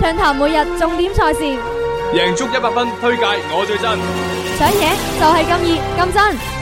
暢談每日重點賽事，贏足一百分，推介我最真，想贏就係咁易咁真。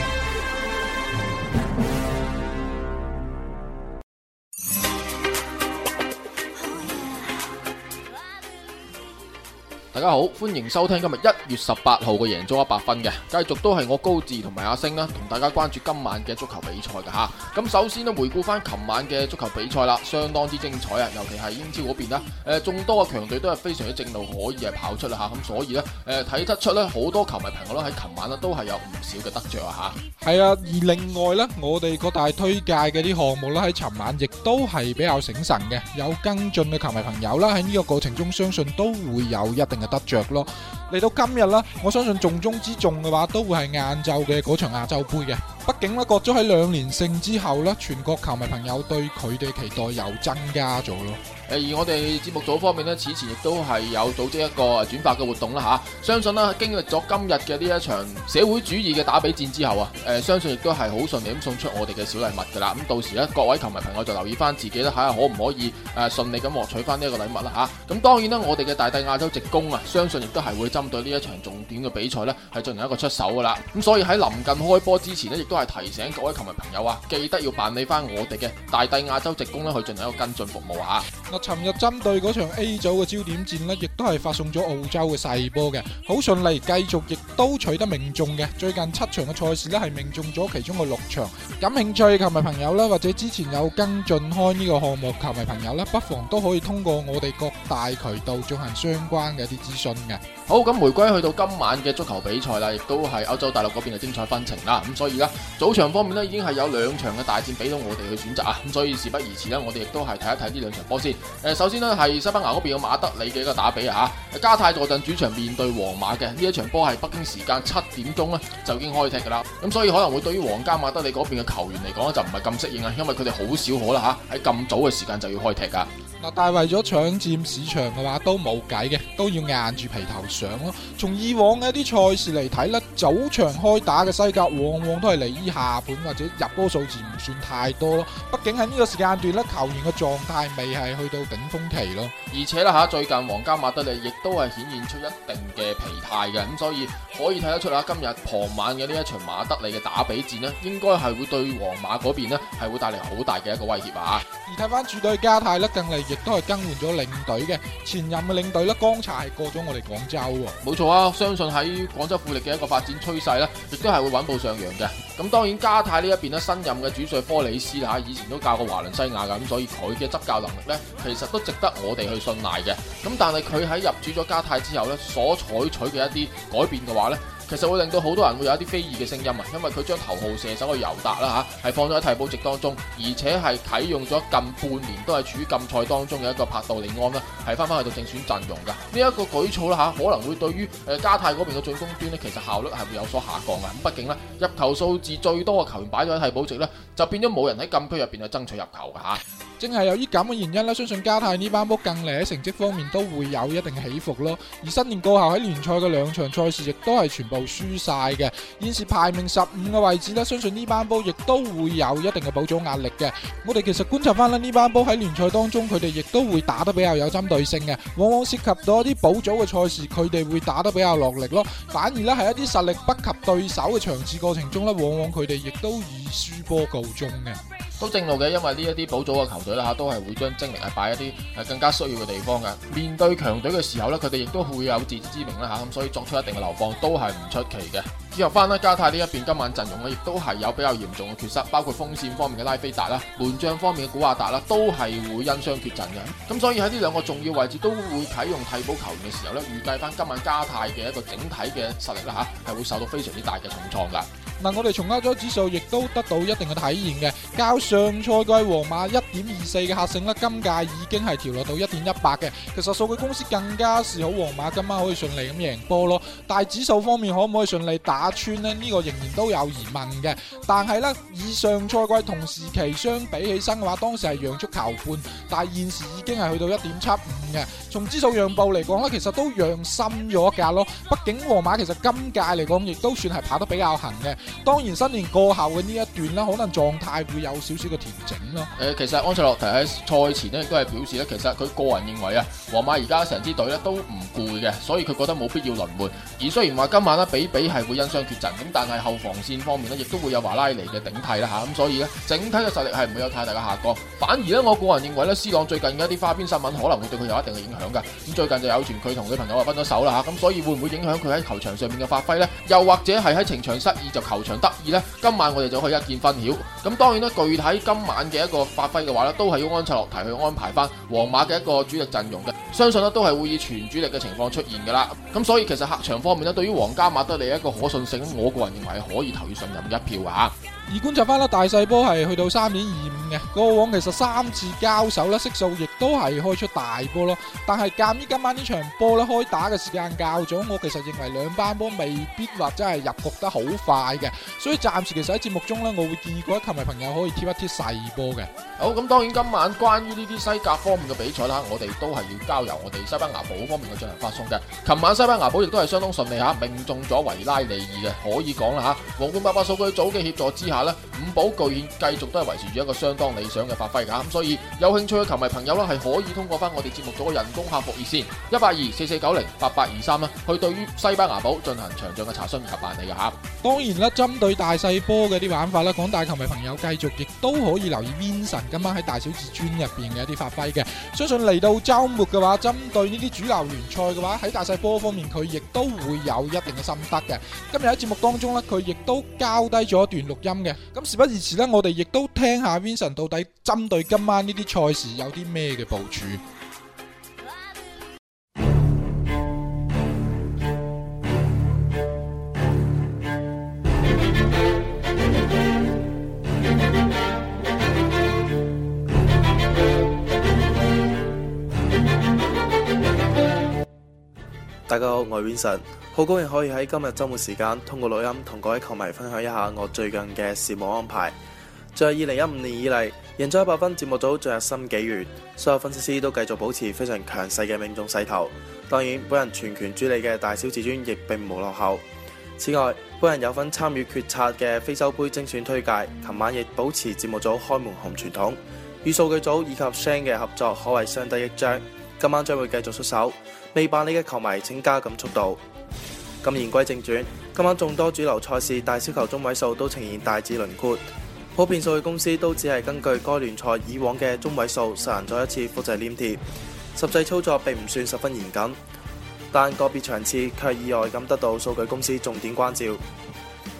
大家好，歡迎收聽今日一月十八號嘅贏足 100FUN 嘅，繼續都係我高志同埋阿星啦，同大家關注今晚嘅足球比賽嘅吓。咁首先呢，回顧翻琴晚嘅足球比賽啦，相當之精彩啊！尤其係英超嗰邊啦，誒、呃、眾多嘅強隊都係非常之正路，可以係跑出嚟吓。咁所以呢，誒、呃、睇得出呢，好多球迷朋友啦喺琴晚啦都係有唔少嘅得着吓。係啊，而另外呢，我哋各大推介嘅啲項目啦，喺琴晚亦都係比較醒神嘅，有跟進嘅球迷朋友啦，喺呢個過程中相信都會有一定嘅。得着咯！嚟到今日啦，我相信重中之重嘅話，都會係晏晝嘅嗰場亞洲杯嘅。畢竟咧，國足喺兩連勝之後咧，全國球迷朋友對佢哋期待又增加咗咯。而我哋節目組方面呢，此前亦都係有組織一個轉發嘅活動啦嚇。相信啦，經歷咗今日嘅呢一場社會主義嘅打比戰之後啊，誒相信亦都係好順利咁送出我哋嘅小禮物噶啦。咁到時咧，各位球迷朋友就留意翻自己啦，睇下可唔可以誒順利咁獲取翻呢一個禮物啦嚇。咁當然啦，我哋嘅大帝亞洲直攻啊，相信亦都係會針對呢一場重點嘅比賽呢，係進行一個出手噶啦。咁所以喺臨近開波之前呢，亦都係提醒各位球迷朋友啊，記得要辦理翻我哋嘅大帝亞洲直攻呢，去進行一個跟進服務啊。尋日針對嗰場 A 組嘅焦點戰呢，亦都係發送咗澳洲嘅細波嘅。好順利，繼續亦都取得命中嘅。最近七場嘅賽事呢係命中咗其中嘅六場。感興趣球迷朋友啦，或者之前有跟進開呢個項目球迷朋友咧，不妨都可以通過我哋各大渠道進行相關嘅一啲資訊嘅。好，咁回歸去到今晚嘅足球比賽啦，亦都係歐洲大陸嗰邊嘅精彩紛呈啦。咁所以呢，早場方面呢已經係有兩場嘅大戰俾到我哋去選擇啊。咁所以事不宜遲啦，我哋亦都係睇一睇呢兩場波先。誒，首先呢，係西班牙嗰邊嘅馬德里嘅一個打比啊吓，加泰坐鎮主場面對皇馬嘅呢一場波係北京時間七點鐘咧就已經開踢噶啦，咁所以可能會對於皇家馬德里嗰邊嘅球員嚟講就唔係咁適應啊，因為佢哋好少可啦吓，喺咁早嘅時間就要開踢噶。嗱，但係為咗搶佔市場嘅話，都冇計嘅，都要硬住皮頭上咯。從以往嘅一啲賽事嚟睇咧。早場開打嘅西甲，往往都係嚟於下盤或者入波數字唔算太多咯。畢竟喺呢個時間段呢，球員嘅狀態未係去到頂峰期咯。而且啦嚇，最近皇家馬德里亦都係顯現出一定嘅疲態嘅。咁所以可以睇得出啦，今日傍晚嘅呢一場馬德里嘅打比戰呢，應該係會對皇馬嗰邊呢係會帶嚟好大嘅一個威脅啊。而睇翻主隊加泰呢，近嚟亦都係更換咗領隊嘅前任嘅領隊呢，剛才係過咗我哋廣州喎。冇錯啊，相信喺廣州富力嘅一個發展。趨勢咧，亦都係會穩步上揚嘅。咁當然，加泰呢一邊咧，新任嘅主帥科里斯啦，吓以前都教過華倫西亞噶，咁所以佢嘅執教能力咧，其實都值得我哋去信賴嘅。咁但係佢喺入主咗加泰之後咧，所採取嘅一啲改變嘅話咧。其實會令到好多人會有一啲非議嘅聲音啊，因為佢將頭號射手嘅尤達啦吓，係、啊、放咗喺替補席當中，而且係啟用咗近半年都係處於禁賽當中嘅一個帕杜尼安啦，係翻翻去到正選陣容噶。呢、這、一個舉措啦吓、啊，可能會對於誒、呃、加泰嗰邊嘅進攻端咧，其實效率係會有所下降嘅。畢竟咧，入球數字最多嘅球員擺咗喺替補席咧，就變咗冇人喺禁區入邊去爭取入球噶吓。啊正係由於咁嘅原因啦，相信加泰呢班波近嚟喺成績方面都會有一定起伏咯。而新年過後喺聯賽嘅兩場賽事亦都係全部輸晒嘅，現時排名十五嘅位置啦，相信呢班波亦都會有一定嘅補組壓力嘅。我哋其實觀察翻啦，呢班波喺聯賽當中佢哋亦都會打得比較有針對性嘅，往往涉及到一啲補組嘅賽事，佢哋會打得比較落力咯。反而咧係一啲實力不及對手嘅場次過程中咧，往往佢哋亦都以輸波告終嘅。都正路嘅，因為呢一啲補組嘅球隊啦，嚇都係會將精力係擺一啲更加需要嘅地方嘅。面對強隊嘅時候呢，佢哋亦都會有自知之明啦嚇，咁所以作出一定嘅流放都係唔出奇嘅。之後翻呢，加泰呢一邊今晚陣容亦都係有比較嚴重嘅缺失，包括鋒線方面嘅拉菲達啦，門將方面嘅古亞達啦，都係會因傷缺陣嘅。咁所以喺呢兩個重要位置都會啟用替補球員嘅時候呢，預計翻今晚加泰嘅一個整體嘅實力啦嚇，係會受到非常之大嘅重創噶。嗱，我哋重壓咗指數，亦都得到一定嘅體驗嘅。較上賽季皇馬一點二四嘅客勝呢，今屆已經係調落到一點一八嘅。其實數據公司更加是好皇馬，今晚可以順利咁贏波咯。但係指數方面可唔可以順利打穿呢？呢、呢個仍然都有疑問嘅。但係呢，以上賽季同時期相比起身嘅話，當時係讓出球半，但係現時已經係去到一點七五嘅。從指數讓步嚟講呢，其實都讓深咗價咯。畢竟皇馬其實今屆嚟講，亦都算係跑得比較行嘅。當然新年過後嘅呢一段啦，可能狀態會有少少嘅調整啦。誒、呃，其實安塞洛提喺賽前咧，亦都係表示咧，其實佢個人認為啊，皇馬而家成支隊咧都唔攰嘅，所以佢覺得冇必要輪換。而雖然話今晚咧比比係會因傷缺陣，咁但係後防線方面呢亦都會有華拉尼嘅頂替啦吓，咁所以呢，整體嘅實力係唔會有太大嘅下降。反而呢，我個人認為呢 C 朗最近嘅一啲花邊新聞可能會對佢有一定嘅影響噶。咁最近就有傳佢同女朋友啊分咗手啦吓，咁所以會唔會影響佢喺球場上面嘅發揮呢？又或者係喺情場失意就球場得意呢，今晚我哋就可以一見分曉。咁當然咧，具體今晚嘅一個發揮嘅話呢都係要安察洛堤去安排翻皇馬嘅一個主力陣容嘅。相信呢都係會以全主力嘅情況出現噶啦。咁所以其實客場方面呢，對於皇家馬德里一個可信性，我個人認為係可以投以信任嘅一票啊。而觀察翻啦，大細波係去到三點二五嘅，過往其實三次交手咧，色數亦都係開出大波咯。但係鑑於今晚呢場波呢，開打嘅時間較早，我其實認為兩班波未必或者係入局得好快嘅，所以暫時其實喺節目中呢，我會建議各位球迷朋友可以貼一貼細波嘅。好，咁當然今晚關於呢啲西甲方面嘅比賽啦，我哋都係要交由我哋西班牙寶方面嘅進行發送嘅。琴晚西班牙寶亦都係相當順利嚇命中咗維拉利爾嘅，可以講啦嚇。皇冠爸爸數據早嘅協助之下，五寶巨獻繼續都係維持住一個相當理想嘅發揮噶，咁所以有興趣嘅球迷朋友呢，係可以通過翻我哋節目組嘅人工客服熱線一八二四四九零八八二三啦，23，去對於西班牙寶進行詳盡嘅查詢及辦理噶吓。當然啦，針對大細波嘅啲玩法咧，廣大球迷朋友繼續亦都可以留意 Vincent 今晚喺大小至尊入邊嘅一啲發揮嘅。相信嚟到週末嘅話，針對呢啲主流聯賽嘅話，喺大細波方面佢亦都會有一定嘅心得嘅。今日喺節目當中呢，佢亦都交低咗一段錄音嘅。咁事不宜遲呢，我哋亦都聽下 Vincent 到底針對今晚呢啲賽事有啲咩嘅部署。大家好，我係 Vincent。好高興可以喺今日周末時間通過錄音同各位球迷分享一下我最近嘅事務安排。在二零一五年以嚟，贏足 100FUN，節目組進入新紀元。所有分析師都繼續保持非常強勢嘅命中勢頭。當然，本人全權主理嘅大小至尊亦並無落後。此外，本人有份參與決策嘅非洲杯精選推介，琴晚亦保持節目組開門紅傳統，與數據組以及 s h a 嘅合作，可謂相得益彰。今晚將會繼續出手，未辦理嘅球迷請加緊速度。咁言歸正傳，今晚眾多主流賽事大小球中位數都呈現大致輪廓，普遍數據公司都只係根據該聯賽以往嘅中位數實行咗一次複製黏貼，實際操作並唔算十分嚴謹，但個別場次卻意外咁得到數據公司重點關照，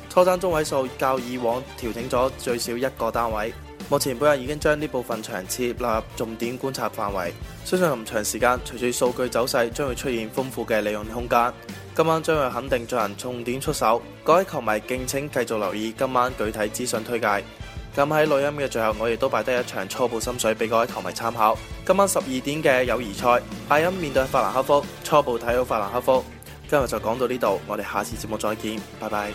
初生中位數較以往調整咗最少一個單位。目前本人已經將呢部分場次納入重點觀察範圍，相信臨場時間隨住數據走勢將會出現豐富嘅利用空間。今晚將會肯定進行重點出手，各位球迷敬請繼續留意今晚具體資訊推介。咁喺錄音嘅最後，我亦都擺低一場初步心水俾各位球迷參考。今晚十二點嘅友誼賽，阿音面對法蘭克福，初步睇好法蘭克福。今日就講到呢度，我哋下次節目再見，拜拜。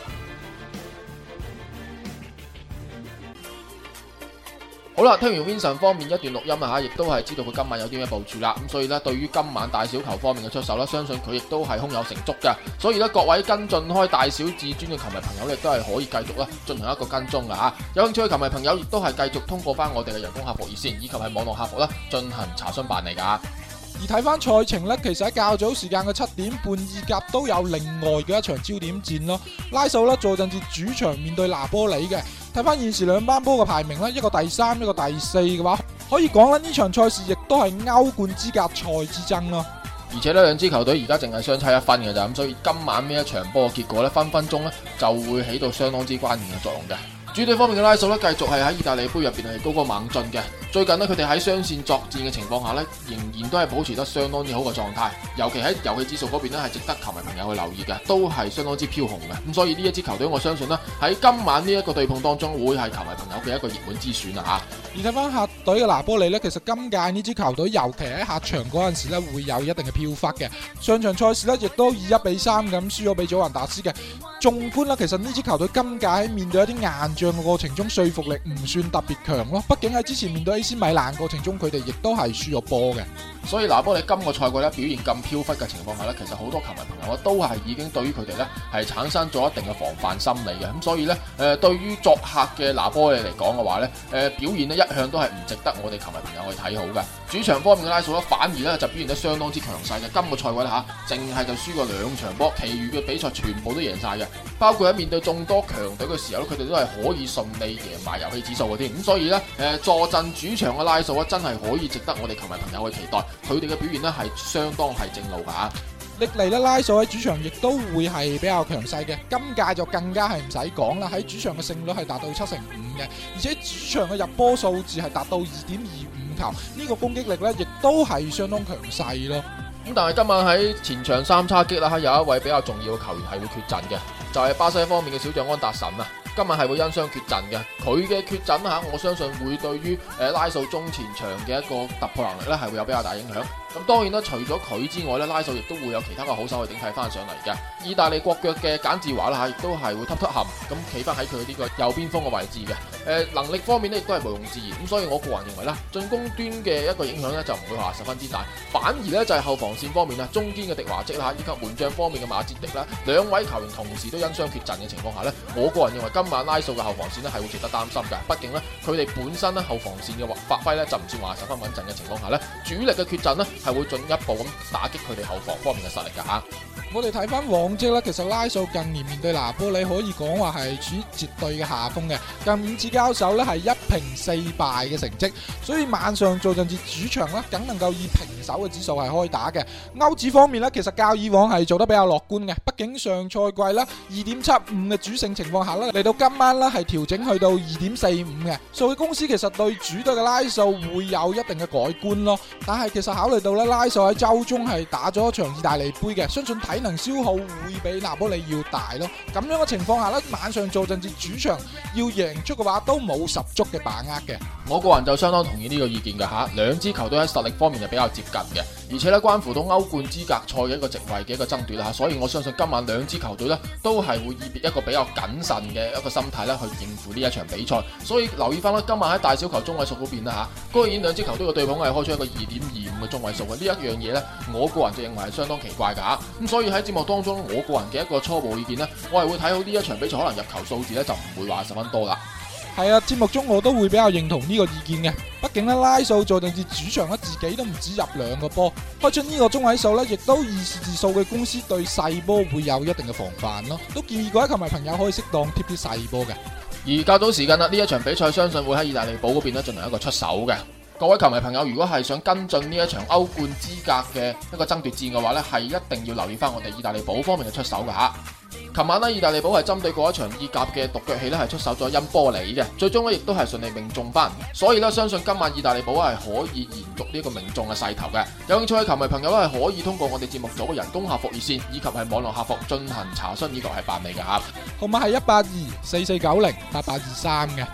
好啦，聽完 Vincent 方面一段錄音啊吓，亦都係知道佢今晚有啲咩部署啦。咁所以咧，對於今晚大小球方面嘅出手咧，相信佢亦都係胸有成竹嘅。所以咧，各位跟進開大小至尊嘅球迷朋友咧，都係可以繼續咧進行一個跟蹤噶吓。有興趣嘅球迷朋友亦都係繼續通過翻我哋嘅人工客服熱線以及係網絡客服啦，進行查詢辦理噶。而睇翻賽程咧，其實喺較早時間嘅七點半，意甲都有另外嘅一場焦點戰咯。拉素咧坐陣至主場面對拿波里嘅，睇翻現時兩班波嘅排名咧，一個第三，一個第四嘅話，可以講咧呢場賽事亦都係歐冠資格賽之爭咯。而且呢兩支球隊而家淨係相差一分嘅咋，咁所以今晚呢一場波嘅結果咧，分分鐘咧就會起到相當之關鍵嘅作用嘅。主隊方面嘅拉索咧，繼續係喺意大利杯入邊係高歌猛進嘅。最近呢，佢哋喺雙線作戰嘅情況下呢，仍然都係保持得相當之好嘅狀態。尤其喺遊戲指數嗰邊呢，係值得球迷朋友去留意嘅，都係相當之飄紅嘅。咁所以呢一支球隊，我相信呢喺今晚呢一個對碰當中，會係球迷朋友嘅一個熱門之選啊！吓。而睇翻客隊嘅拿波利呢，其實今屆呢支球隊尤其喺客場嗰陣時呢，會有一定嘅飄忽嘅。上場賽事呢，亦都以一比三咁輸咗俾祖雲達斯嘅。縱觀啦，其實呢支球隊今屆喺面對一啲硬仗嘅過程中，說服力唔算特別強咯。畢竟喺之前面對 AC 米蘭過程中，佢哋亦都係輸咗波嘅。所以拿波利今個賽季呢，表現咁飄忽嘅情況下呢，其實好多球迷朋友都係已經對於佢哋呢，係產生咗一定嘅防範心理嘅。咁所以呢，誒，對於作客嘅拿波利嚟講嘅話呢，誒，表現呢一向都係唔值得我哋球迷朋友去睇好嘅，主場方面嘅拉素咧，反而咧就表現得相當之強勢嘅。今個賽季咧吓，淨係就輸過兩場波，其餘嘅比賽全部都贏晒嘅，包括喺面對眾多強隊嘅時候咧，佢哋都係可以順利贏埋遊戲指數嘅添。咁所以咧，誒，坐鎮主場嘅拉素真係可以值得我哋球迷朋友去期待，佢哋嘅表現咧係相當係正路噶吓。歷嚟咧，拉素喺主場亦都會係比較強勢嘅，今屆就更加係唔使講啦，喺主場嘅勝率係達到七成五嘅，而且主場嘅入波數字係達到二點二五球，呢個攻擊力咧亦都係相當強勢咯。咁但係今晚喺前場三叉戟啦嚇，有一位比較重要嘅球員係會缺陣嘅，就係巴西方面嘅小將安達臣啊，今晚係會因傷缺陣嘅。佢嘅缺陣嚇，我相信會對於拉素中前場嘅一個突破能力咧，係會有比較大影響。咁當然啦，除咗佢之外咧，拉素亦都會有其他嘅好手去頂替翻上嚟嘅。意大利國腳嘅簡治華啦嚇，亦都係會突出含咁企翻喺佢嗰啲嘅右邊鋒嘅位置嘅。誒、呃、能力方面咧，亦都係無庸置疑。咁所以我個人認為咧，進攻端嘅一個影響咧，就唔會話十分之大。反而咧就係後防線方面啊，中堅嘅迪華積啦，以及門將方面嘅馬哲迪啦，兩位球員同時都因傷缺陣嘅情況下咧，我個人認為今晚拉素嘅後防線咧係會值得擔心嘅。畢竟咧佢哋本身咧後防線嘅發發揮咧就唔算話十分穩陣嘅情況下咧，主力嘅缺陣咧。係會進一步咁打擊佢哋後防方面嘅實力噶吓。我哋睇翻往績咧，其實拉素近年面對拿波里，你可以講話係處於絕對嘅下風嘅。近五次交手呢，係一平四敗嘅成績，所以晚上做陣至主場啦，梗能夠以平手嘅指數係開打嘅。歐指方面呢，其實較以往係做得比較樂觀嘅，畢竟上賽季啦，二點七五嘅主勝情況下呢，嚟到今晚呢，係調整去到二點四五嘅。數據公司其實對主隊嘅拉素會有一定嘅改觀咯，但係其實考慮到呢，拉素喺週中係打咗一場意大利杯嘅，相信睇，能消耗會比拿玻利要大咯，咁樣嘅情況下咧，晚上做陣至主場要贏出嘅話，都冇十足嘅把握嘅。我個人就相當同意呢個意見嘅吓，兩支球隊喺實力方面就比較接近嘅。而且咧，關乎到歐冠資格賽嘅一個席位嘅一個爭奪啦，所以我相信今晚兩支球隊咧都係會以一個比較謹慎嘅一個心態咧去應付呢一場比賽。所以留意翻啦，今晚喺大小球中位數嗰邊啦吓，居然兩支球隊嘅對碰係開出一個二點二五嘅中位數嘅，呢一樣嘢咧，我個人就認為係相當奇怪噶咁。所以喺節目當中，我個人嘅一個初步意見咧，我係會睇好呢一場比賽，可能入球數字咧就唔會話十分多啦。係啊，節目中我都會比較認同呢個意見嘅，畢竟呢，拉素在定至主場咧自己都唔止入兩個波，開出呢個中位數呢，亦都以數字數嘅公司對細波會有一定嘅防範咯，都建議各位球迷朋友可以適當貼啲細波嘅。而較早時間啦，呢一場比賽相信會喺意大利堡嗰邊呢進行一個出手嘅，各位球迷朋友如果係想跟進呢一場歐冠資格嘅一個爭奪戰嘅話呢，係一定要留意翻我哋意大利堡方面嘅出手噶吓。琴晚咧，意大利寶係針對嗰一場意甲嘅獨腳戲咧係出手咗因波里嘅，最終咧亦都係順利命中翻，所以咧相信今晚意大利寶係可以延續呢一個命中嘅勢頭嘅。有興趣嘅球迷朋友咧，係可以通過我哋節目組嘅人工客服熱線以及係網絡客服進行查詢呢個係辦理嘅吓，號碼係一八二四四九零八八二三嘅。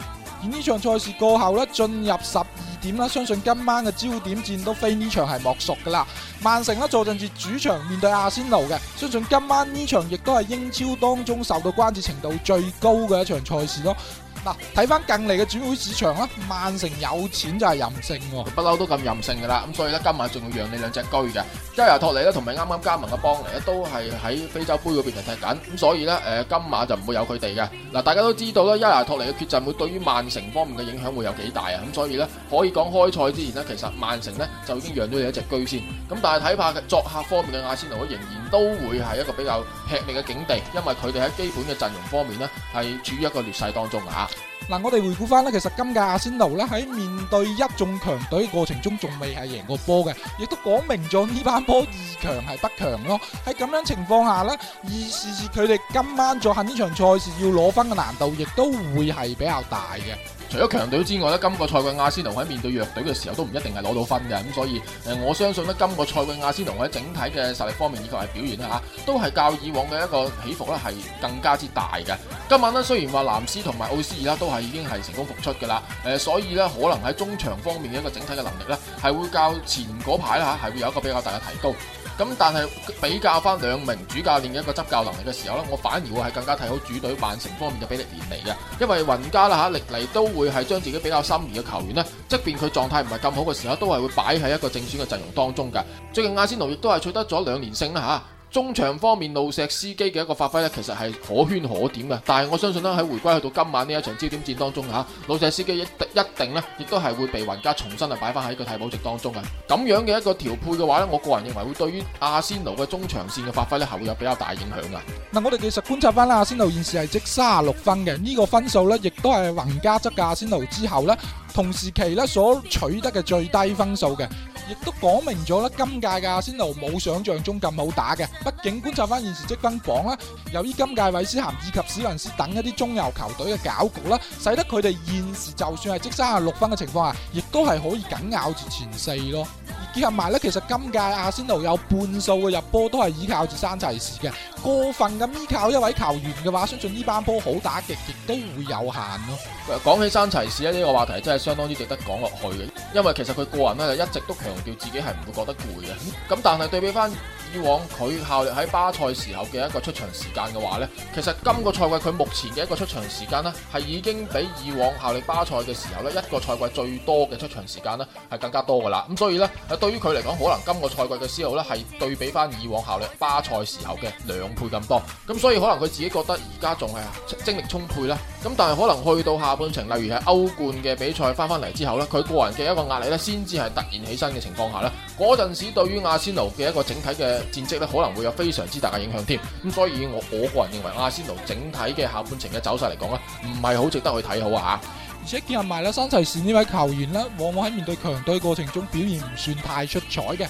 而呢場賽事過後咧，進入十二點啦，相信今晚嘅焦點戰都非呢場係莫屬㗎啦。曼城坐鎮至主場面對阿仙奴嘅，相信今晚呢場亦都係英超當中受到關注程度最高嘅一場賽事咯。嗱，睇翻近嚟嘅轉會市場啦，曼城有錢就係任性喎、啊，不嬲都咁任性噶啦，咁所以咧，今晚仲要讓你兩隻居嘅，耶耶托尼咧同埋啱啱加盟嘅邦尼咧都係喺非洲杯嗰邊嚟踢緊，咁所以咧，誒，今晚就唔會有佢哋嘅。嗱，大家都知道咧，耶耶托尼嘅缺陣會對於曼城方面嘅影響會有幾大啊，咁所以咧，可以講開賽之前呢，其實曼城呢就已經讓咗你一隻居先，咁但係睇怕作客方面嘅亞仙奴仍然都會係一個比較吃力嘅境地，因為佢哋喺基本嘅陣容方面呢，係處於一個劣勢當中啊。嗱、啊，我哋回顧翻咧，其實今屆阿仙奴咧喺面對一眾強隊過程中還贏過，仲未係贏過波嘅，亦都講明咗呢班波二強係不強咯。喺咁樣情況下呢，而是是佢哋今晚做下呢場賽事要攞分嘅難度，亦都會係比較大嘅。除咗強隊之外咧，今個賽季阿仙奴喺面對弱隊嘅時候都唔一定係攞到分嘅，咁所以誒，我相信咧今個賽季阿仙奴喺整體嘅實力方面，以及係表現啦嚇，都係較以往嘅一個起伏咧係更加之大嘅。今晚咧雖然話藍斯同埋奧斯爾都係已經係成功復出嘅啦，誒，所以咧可能喺中場方面嘅一個整體嘅能力咧係會較前嗰排啦嚇係會有一個比較大嘅提高。咁但係比較翻兩名主教練嘅一個執教能力嘅時候咧，我反而會係更加睇好主隊曼城方面嘅比利連尼嘅，因為雲加啦嚇歷嚟都會係將自己比較心儀嘅球員呢，即便佢狀態唔係咁好嘅時候，都係會擺喺一個正選嘅陣容當中噶。最近阿仙奴亦都係取得咗兩連勝啦吓。中場方面，路石斯基嘅一個發揮咧，其實係可圈可點嘅。但係我相信咧，喺回歸去到今晚呢一場焦點戰當中嚇，路石斯基一一定咧，亦都係會被雲加重新啊擺翻喺個替補席當中嘅。咁樣嘅一個調配嘅話咧，我個人認為會對於亞仙奴嘅中場線嘅發揮咧，係會有比較大影響嘅。嗱，我哋其實觀察翻啦，亞仙奴現時係積卅六分嘅，呢、呢個分數咧，亦都係雲加執亞仙奴之後咧，同時期咧所取得嘅最低分數嘅。亦都講明咗啦，今屆嘅阿仙奴冇想象中咁好打嘅。畢竟觀察翻現時積分榜啦，由於今屆韋斯咸以及史雲斯等一啲中游球隊嘅攪局啦，使得佢哋現時就算係積三十六分嘅情況下，亦都係可以緊咬住前四咯。結合埋咧，其實今屆阿仙奴有半數嘅入波都係依靠住山齊士嘅，過分咁依靠一位球員嘅話，相信呢班波好打極亦都會有限咯，哦。講起山齊士咧呢個話題真係相當之值得講落去嘅，因為其實佢個人咧就一直都強調自己係唔會覺得攰嘅，咁、嗯、但係對比翻。以往佢效力喺巴塞時候嘅一個出場時間嘅話咧，其實今個賽季佢目前嘅一個出場時間咧，係已經比以往效力巴塞嘅時候咧一個賽季最多嘅出場時間咧係更加多噶啦。咁所以咧，對於佢嚟講，可能今個賽季嘅時候咧係對比翻以往效力巴塞時候嘅兩倍咁多。咁所以可能佢自己覺得而家仲係精力充沛啦。咁但係可能去到下半程，例如係歐冠嘅比賽翻翻嚟之後咧，佢個人嘅一個壓力咧先至係突然起身嘅情況下咧，嗰陣時對於阿仙奴嘅一個整體嘅。戰績咧可能會有非常之大嘅影響添，咁所以我我個人認為阿仙奴整體嘅下半程嘅走勢嚟講咧，唔係好值得去睇好啊，而且兼埋啦，山齊善呢位球員咧，往往喺面對強隊過程中表現唔算太出彩嘅。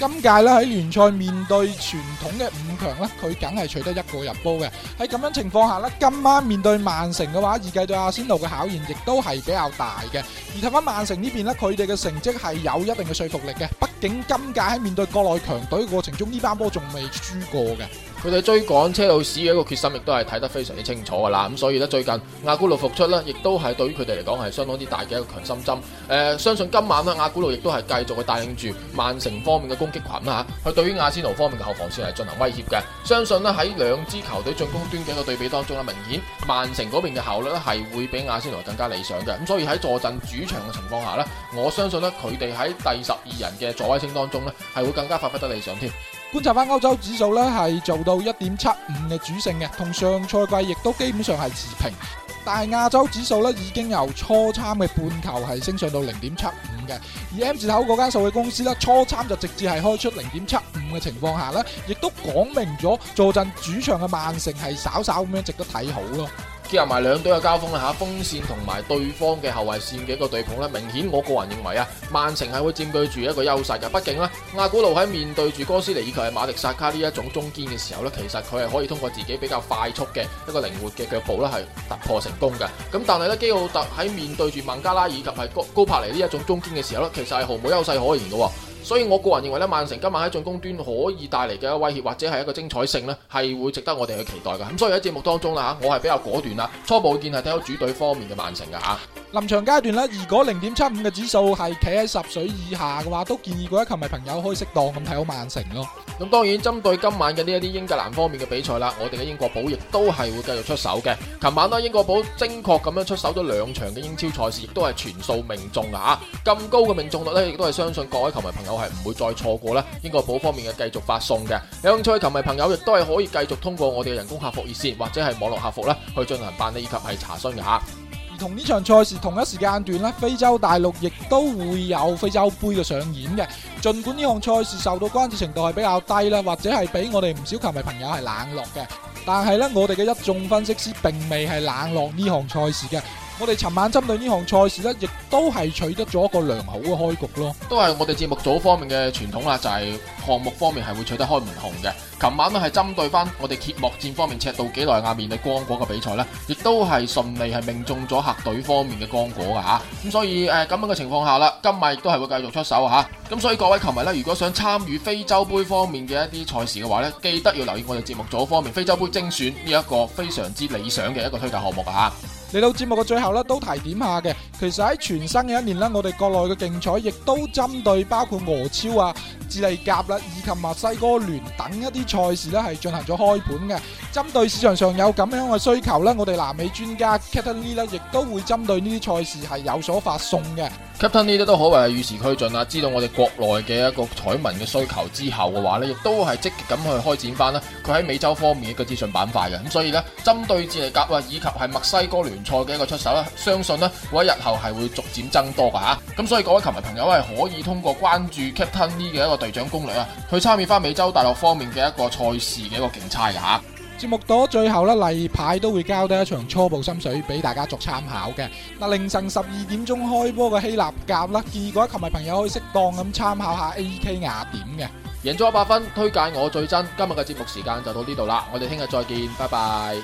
今屆咧喺聯賽面對傳統嘅五強咧，佢梗係取得一個入波嘅。喺咁樣情況下咧，今晚面對曼城嘅話，預計對阿仙奴嘅考驗亦都係比較大嘅。而睇翻曼城這邊呢邊咧，佢哋嘅成績係有一定嘅說服力嘅。畢竟今屆喺面對國內強隊嘅過程中，呢班波仲未輸過嘅。佢哋追趕車路士嘅一個決心，亦都係睇得非常之清楚㗎喇。咁所以咧，最近阿古路復出呢，亦都係對於佢哋嚟講係相當之大嘅一個強心針。誒、呃，相信今晚呢，阿古路亦都係繼續去帶領住曼城方面嘅攻擊群啦嚇。佢對於阿仙奴方面嘅後防線係進行威脅嘅。相信呢，喺兩支球隊進攻端嘅一個對比當中咧，明顯曼城嗰邊嘅效率咧係會比阿仙奴更加理想嘅。咁所以喺坐鎮主場嘅情況下呢，我相信呢，佢哋喺第十二人嘅助威聲當中呢，係會更加發揮得理想添。觀察翻歐洲指數咧係做到一點七五嘅主勝嘅，同上賽季亦都基本上係持平。但係亞洲指數咧已經由初參嘅半球係升上到零點七五嘅，而 M 字頭嗰間數據公司咧初參就直接係開出零點七五嘅情況下咧，亦都講明咗坐鎮主場嘅曼城係稍稍咁樣值得睇好咯。結合埋兩隊嘅交鋒啦吓，鋒線同埋對方嘅後衛線嘅一個對碰咧，明顯我個人認為啊，曼城係會佔據住一個優勢嘅。畢竟咧，阿古路喺面對住哥斯尼以及係馬迪薩卡呢一種中堅嘅時候咧，其實佢係可以通過自己比較快速嘅一個靈活嘅腳步咧係突破成功嘅。咁但係咧，基奧特喺面對住孟加拉以及係高高柏尼呢一種中堅嘅時候咧，其實係毫無優勢可言嘅。所以我個人認為咧，曼城今晚喺進攻端可以帶嚟嘅威脅或者係一個精彩性咧，係會值得我哋去期待嘅。咁所以喺節目當中啦嚇，我係比較果斷啦，初步建議睇好主隊方面嘅曼城嘅嚇。臨場階段呢，如果零點七五嘅指數係企喺十水以下嘅話，都建議各位球迷朋友可以適當咁睇好曼城咯。咁當然針對今晚嘅呢一啲英格蘭方面嘅比賽啦，我哋嘅英國寶亦都係會繼續出手嘅。琴晚呢，英國寶精確咁樣出手咗兩場嘅英超賽事，亦都係全數命中嘅嚇。咁高嘅命中率呢，亦都係相信各位球迷朋友。我係唔會再錯過啦，英國方面嘅，繼續發送嘅，有興趣球迷朋友亦都係可以繼續通過我哋嘅人工客服熱線或者係網絡客服啦，去進行辦理以及係查詢嘅吓。而同呢場賽事同一時間段呢，非洲大陸亦都會有非洲杯嘅上演嘅。盡管呢項賽事受到關注程度係比較低啦，或者係俾我哋唔少球迷朋友係冷落嘅，但係呢，我哋嘅一眾分析師並未係冷落呢項賽事嘅。我哋尋晚針對呢項賽事咧，亦都係取得咗一個良好嘅開局咯。都係我哋節目組方面嘅傳統啦，就係、是、項目方面係會取得開門紅嘅。琴晚都係針對翻我哋揭幕戰方面，赤道幾內亞，面對光果嘅比賽呢亦都係順利係命中咗客隊方面嘅光果噶吓。咁所以誒咁、呃、樣嘅情況下啦，今晚亦都係會繼續出手吓。咁所以各位球迷呢，如果想參與非洲杯方面嘅一啲賽事嘅話呢，記得要留意我哋節目組方面非洲杯精選呢一個非常之理想嘅一個推介項目吓。嚟到節目嘅最後咧，都提點下嘅。其實喺全新嘅一年咧，我哋國內嘅競彩亦都針對包括俄超啊、智利甲啦、啊，以及墨西哥聯等一啲賽事咧，係進行咗開盤嘅。針對市場上有咁樣嘅需求咧，我哋南美專家 Captain Lee 咧，亦都會針對呢啲賽事係有所發送嘅。Captain Lee 都可謂係與時俱進啦，知道我哋國內嘅一個彩民嘅需求之後嘅話咧，亦都係積極咁去開展翻咧。佢喺美洲方面嘅一個資訊板塊嘅，咁所以咧，針對智利甲啊，以及係墨西哥聯。唔錯嘅一個出手啦，相信咧，會喺日後係會逐漸增多噶吓。咁所以各位球迷朋友係可以通過關注 Captain Lee 嘅一個隊長攻略啊，去參與翻美洲大陸方面嘅一個賽事嘅一個競猜嘅吓。節目到最後咧，例牌都會交低一場初步心水俾大家作參考嘅。嗱，凌晨十二點鐘開波嘅希臘甲啦，如果球迷朋友可以適當咁參考下 A K 雅典嘅，贏足 100FUN，推介我最真。今日嘅節目時間就到呢度啦，我哋聽日再見，拜拜。